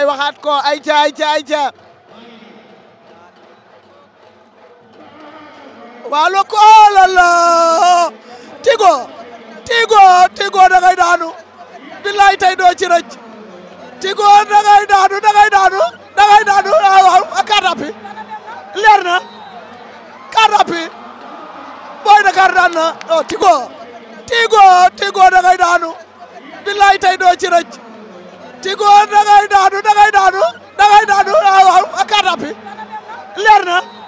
Ndiaye waxaat ko ayca ayca ayca ko lala oh tigo tigo tigo da daanu billaay doo ci rëcc tigo da ngay daanu da daanu da daanu ah, waaw waaw car leer na car rapide booy Dakar daan ah, tigo tigo tigo daanu billaay doo ci tigo da daanu leer na